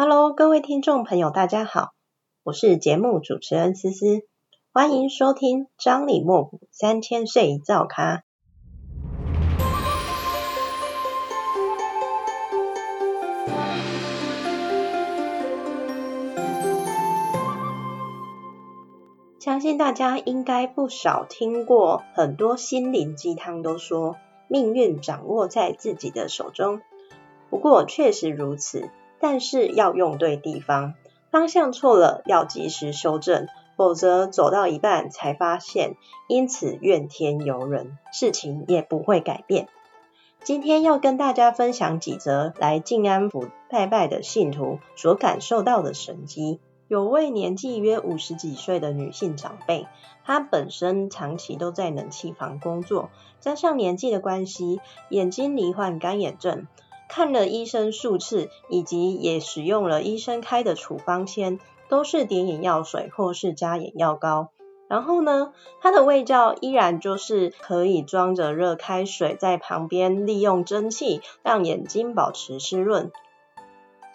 哈嘍各位聽眾朋友，大家好，我是節目主持人絲絲，歡迎收聽張李莫府三千歲一灶咖。相信大家應該不少聽過，很多心靈雞湯都說命運掌握在自己的手中，不過確實如此。但是要用對地方，方向錯了要及時修正，否則走到一半才發現，因此怨天尤人，事情也不會改變。今天要跟大家分享幾則來進安府拜拜的信徒所感受到的神蹟。有位年紀約五十幾歲的女性長輩，她本身長期都在冷氣房工作，加上年紀的關係，眼睛罹患乾眼症。看了醫生數次，以及也使用了醫生開的處方箋，都是點眼藥水或是加眼藥膏。然後呢，它的衛教，依然就是可以裝着熱開水在旁邊，利用蒸汽讓眼睛保持濕潤。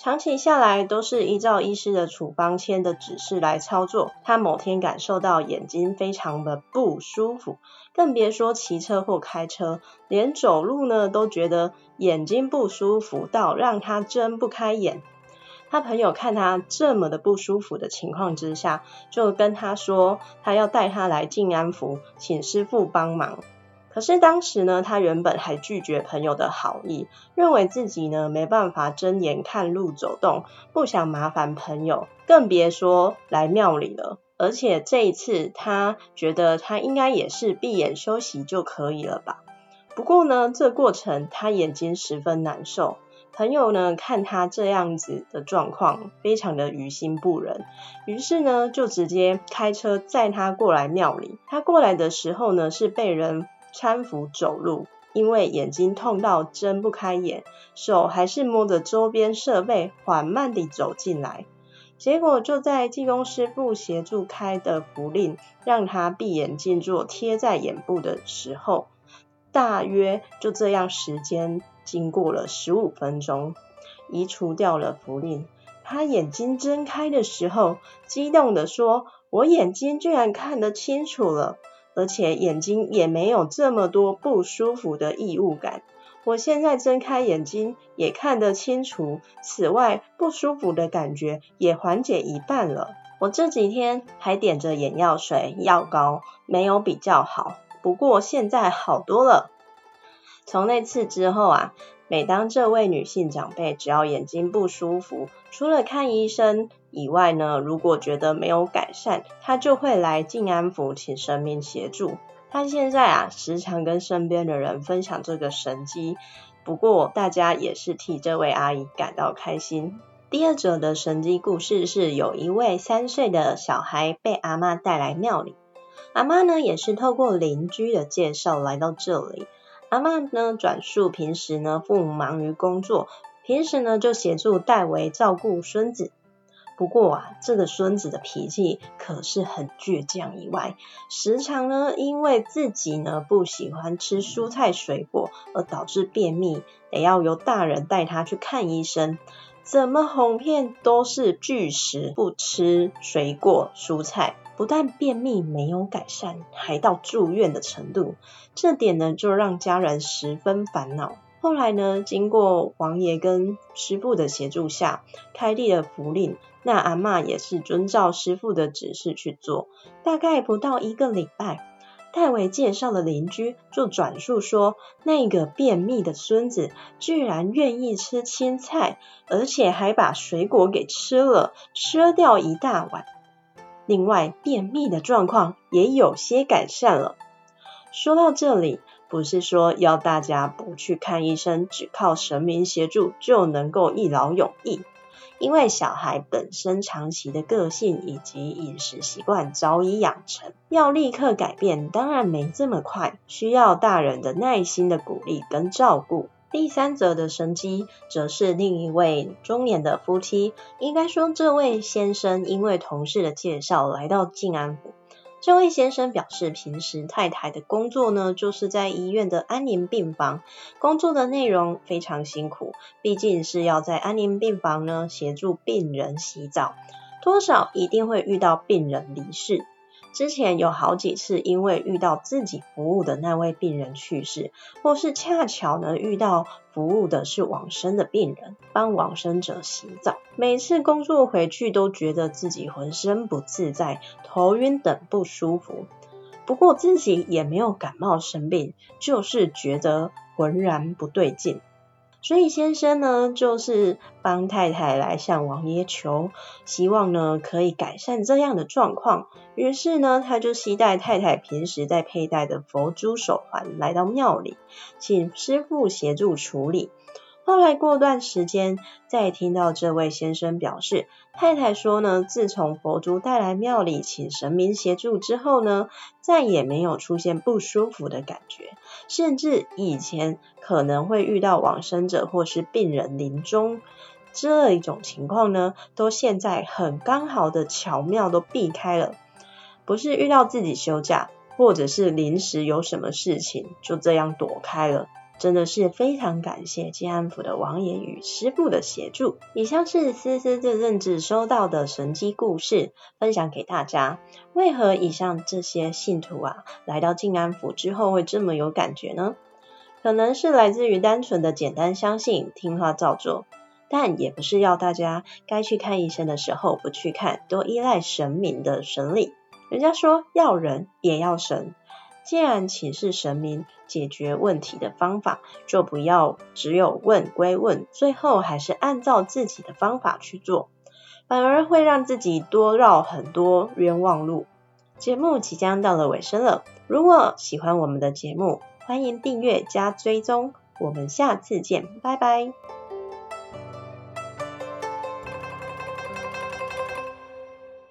長期下來都是依照醫師的處方簽的指示來操作。他某天感受到眼睛非常的不舒服，更別說騎車或開車，連走路呢都覺得眼睛不舒服到讓他睜不開眼。他朋友看他這麼的不舒服的情況之下，就跟他說他要帶他來進安府，請師傅幫忙。可是當時呢，他原本還拒絕朋友的好意，認為自己呢沒辦法睜眼看路走動，不想麻煩朋友，更別說來廟裡了。而且這一次，他覺得他應該也是閉眼休息就可以了吧。不過呢，這過程他眼睛十分難受。朋友呢看他這樣子的狀況，非常的於心不忍，於是呢就直接開車載他過來廟裡。他過來的時候呢，是被人。攙扶走路，因為眼睛痛到睜不開眼，手還是摸着周邊設備緩慢地走進來。結果就在濟公師傅協助開的符令讓他閉眼靜坐貼在眼部的時候，大約就這樣時間經過了十五分鐘，移除掉了符令。他眼睛睜開的時候，激動地說：“我眼睛居然看得清楚了。”而且眼睛也沒有這麼多不舒服的異物感，我現在睜開眼睛也看得清楚。此外，不舒服的感覺也緩解一半了。我這幾天還點着眼藥水、藥膏，沒有比較好，不過現在好多了。從那次之後啊，每當這位女性長輩只要眼睛不舒服，除了看醫生，以外呢，如果覺得沒有改善，他就會來進安府請神明協助。他現在啊，時常跟身邊的人分享這個神蹟。不過大家也是替這位阿姨感到開心。第二則的神蹟故事是，有一位三歲的小孩被阿嬤帶來廟裡。阿嬤呢，也是透過鄰居的介紹來到這裡。阿嬤呢，轉述平時呢，父母忙於工作，平時呢就協助代為照顧孫子。不過啊，這個孫子的脾氣可是很倔強，以外，時常呢，因為自己呢不喜歡吃蔬菜水果，而導致便秘，得要由大人帶他去看醫生。怎麼哄騙都是拒食不吃水果蔬菜，不但便秘沒有改善，還到住院的程度，這點呢就讓家人十分煩惱。後來呢，經過王爺跟師父的協助下，開立了符令。那阿嬤也是遵照師父的指示去做。大概不到一個禮拜，代為介紹的鄰居，就轉述說，那個便秘的孫子居然願意吃青菜，而且還把水果給吃了，吃掉一大碗。另外，便秘的狀況也有些改善了。說到這裡。不是說要大家不去看醫生，只靠神明協助就能夠一勞永逸，因為小孩本身長期的個性以及飲食習慣早已養成，要立刻改變當然沒這麼快，需要大人的耐心的鼓勵跟照顧。第三則的神蹟則是另一位中年的夫妻，應該說這位先生因為同事的介紹來到進安府。這位先生表示，平時太太的工作呢，就是在醫院的安寧病房，工作的內容非常辛苦，畢竟是要在安寧病房呢，協助病人洗澡，多少一定會遇到病人離世。之前有好幾次，因為遇到自己服務的那位病人去世，或是恰巧呢遇到服務的是往生的病人，幫往生者洗澡，每次工作回去都覺得自己渾身不自在、頭暈等不舒服。不過自己也沒有感冒生病，就是覺得渾然不對勁。所以先生呢，就是幫太太來向王爺求，希望呢可以改善這樣的狀況。於是呢，他就攜帶太太平時在佩戴的佛珠手環，來到廟裡，請師父協助處理。後來過段時間，再聽到這位先生表示，太太說呢，自從佛珠帶來廟裡，請神明協助之後呢，再也沒有出現不舒服的感覺，甚至以前可能會遇到往生者或是病人臨終這一種情況呢，都現在很剛好的巧妙都避開了，不是遇到自己休假，或者是臨時有什麼事情，就這樣躲開了。真的是非常感謝進安府的王爺與師傅的協助。以上是絲絲這陣子收到的神蹟故事，分享給大家。為何以上這些信徒啊，來到進安府之後會這麼有感覺呢？可能是來自於單純的簡單相信，聽話照做。但也不是要大家該去看醫生的時候不去看，多依賴神明的神力。人家說要人也要神。既然請示神明解決問題的方法，就不要只有問歸問，最後還是按照自己的方法去做，反而會讓自己多繞很多冤枉路。節目即將到了尾聲了，如果喜歡我們的節目，歡迎訂閱加追蹤，我們下次見，拜拜。